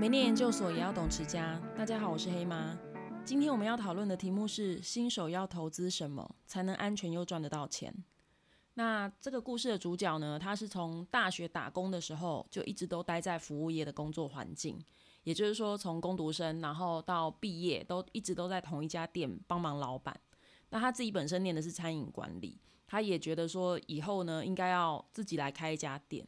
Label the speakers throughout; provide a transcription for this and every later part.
Speaker 1: 沒念研究所也要懂持家。大家好，我是黑媽。今天我們要討論的題目是：新手要投資什麼才能安全又賺得到錢？那這個故事的主角呢，他是從大學打工的時候就一直都待在服務業的工作環境，也就是說，從工讀生然後到畢業都一直都在同一家店幫忙老闆。那他自己本身念的是餐飲管理，他也覺得說以後呢應該要自己來開一家店。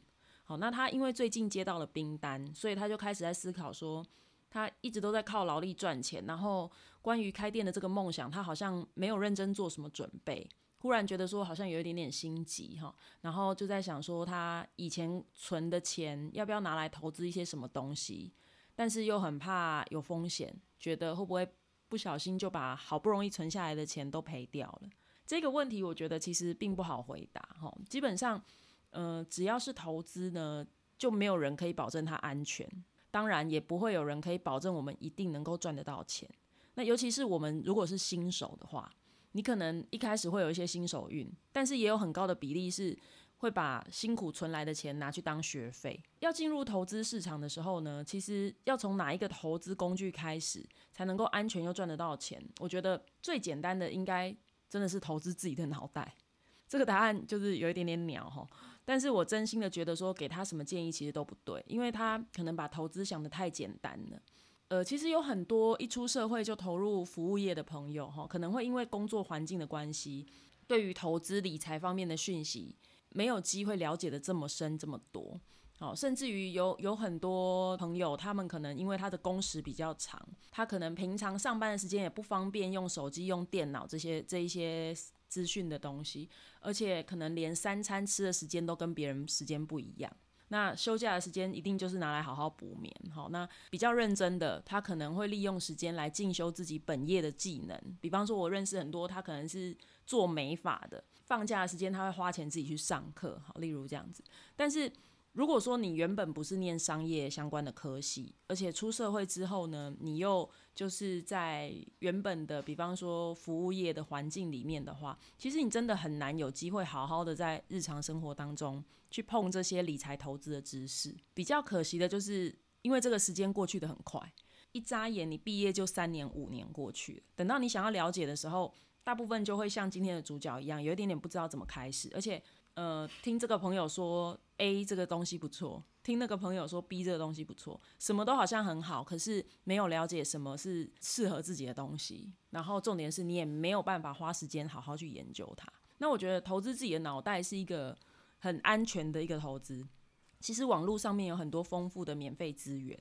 Speaker 1: 好，那他因為最近接到了兵單，所以他就開始在思考說，他一直都在靠勞力賺錢，然後關於開店的這個夢想，他好像沒有認真做什麼準備，忽然覺得說好像有一點點心急哈，然後就在想說他以前存的錢要不要拿來投資一些什麼東西，但是又很怕有風險，覺得會不會不小心就把好不容易存下來的錢都賠掉了？這個問題我覺得其實並不好回答哈，基本上。嗯、呃，只要是投資呢，就沒有人可以保證它安全，當然也不會有人可以保證我們一定能夠賺得到錢。那尤其是我們如果是新手的話，你可能一開始會有一些新手運，但是也有很高的比例是會把辛苦存來的錢拿去當學費。要進入投資市場的時候呢，其實要從哪一個投資工具開始才能夠安全又賺得到錢？我覺得最簡單的應該真的是投資自己的腦袋。這個答案就是有一點點鳥哈，但是我真心的覺得說給他什麼建議其實都不對，因為他可能把投資想得太簡單了。呃，其實有很多一出社會就投入服務業的朋友可能會因為工作環境的關係，對於投資理財方面的訊息沒有機會了解得這麼深這麼多。甚至於有有很多朋友，他們可能因為他的工時比較長，他可能平常上班的時間也不方便用手機、用電腦這些這一些資訊的東西，而且可能連三餐吃的時間都跟別人時間不一樣。那休假的時間一定就是拿來好好補眠，好，那比較認真的，他可能會利用時間來進修自己本業的技能。比方說，我認識很多，他可能是做美髮的，放假的時間他會花錢自己去上課，好，例如這樣子。但是如果說你原本不是念商業相關的科系，而且出社會之後呢，你又就是在原本的，比方說服務業的環境裡面的話，其實你真的很難有機會好好的在日常生活當中去碰這些理財投資的知識。比較可惜的就是，因為這個時間過去的很快，一眨眼你畢業就三年五年過去了，等到你想要了解的時候，大部分就會像今天的主角一樣，有一點點不知道怎麼開始，而且，呃，聽這個朋友說。A 這個東西不錯，聽那個朋友說 B 這個東西不錯，什麼都好像很好，可是沒有了解什麼是適合自己的東西。然後重點是你也沒有辦法花時間好好去研究它。那我覺得投資自己的腦袋是一個很安全的一個投資。其實網絡上面有很多豐富的免費資源。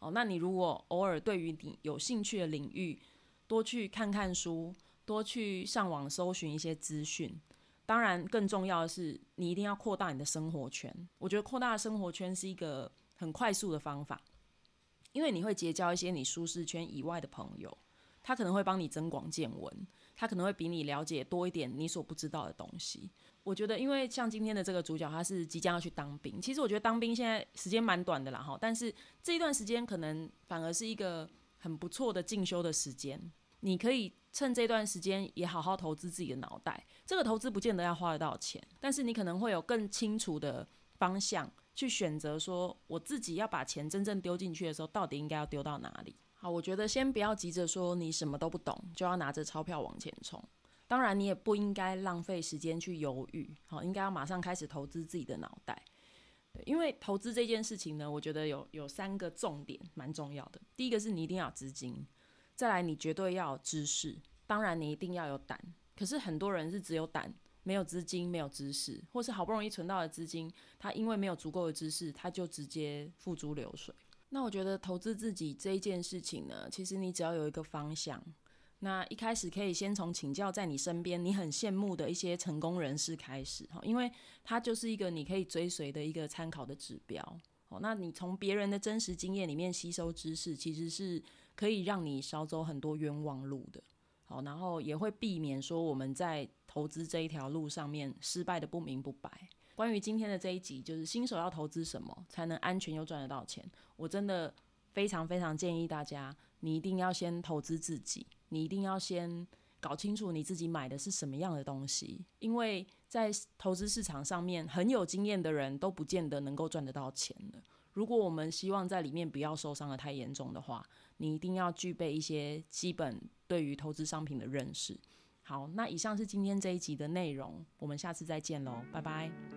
Speaker 1: 哦，那你如果偶爾對於你有興趣的領域，多去看看書，多去上網搜尋一些資訊。當然，更重要的是，你一定要擴大你的生活圈。我覺得擴大生活圈是一個很快速的方法，因為你會結交一些你舒適圈以外的朋友，他可能會幫你增廣見聞，他可能會比你了解多一點你所不知道的東西。我覺得，因為像今天的這個主角，他是即將要去當兵。其實，我覺得當兵現在時間蠻短的啦，哈，但是這一段時間可能反而是一個很不錯的進修的時間。你可以趁這段時間也好好投資自己的腦袋，這個投資不見得要花得到錢，但是你可能會有更清楚的方向去選擇，說我自己要把錢真正丟進去的時候，到底應該要丟到哪裡？好，我覺得先不要急着說你什麼都不懂就要拿着鈔票往前衝，當然你也不應該浪費時間去猶豫，好，應該要馬上開始投資自己的腦袋，對，因為投資這件事情呢，我覺得有有三個重點蠻重要的，第一個是你一定要有資金。再來，你絕對要有知識，當然你一定要有膽。可是很多人是只有膽，沒有資金，沒有知識，或是好不容易存到的資金，他因為沒有足夠的知識，他就直接付諸流水。那我覺得投資自己這一件事情呢，其實你只要有一個方向，那一開始可以先從請教在你身邊你很羨慕的一些成功人士開始，哈，因為他就是一個你可以追隨的一個參考的指標。哦，那你從別人的真實經驗裡面吸收知識，其實是。可以讓你少走很多冤枉路的，好，然後也會避免說我們在投資這一條路上面失敗得不明不白。關於今天的這一集，就是新手要投資什麼才能安全又賺得到錢，我真的非常非常建議大家，你一定要先投資自己，你一定要先搞清楚你自己買的是什麼樣的東西，因為在投資市場上面很有經驗的人都不見得能夠賺得到錢的。如果我們希望在裡面不要受傷的太嚴重的話，你一定要具備一些基本對於投資商品的認識。好，那以上是今天這一集的內容，我們下次再見嘍，拜拜。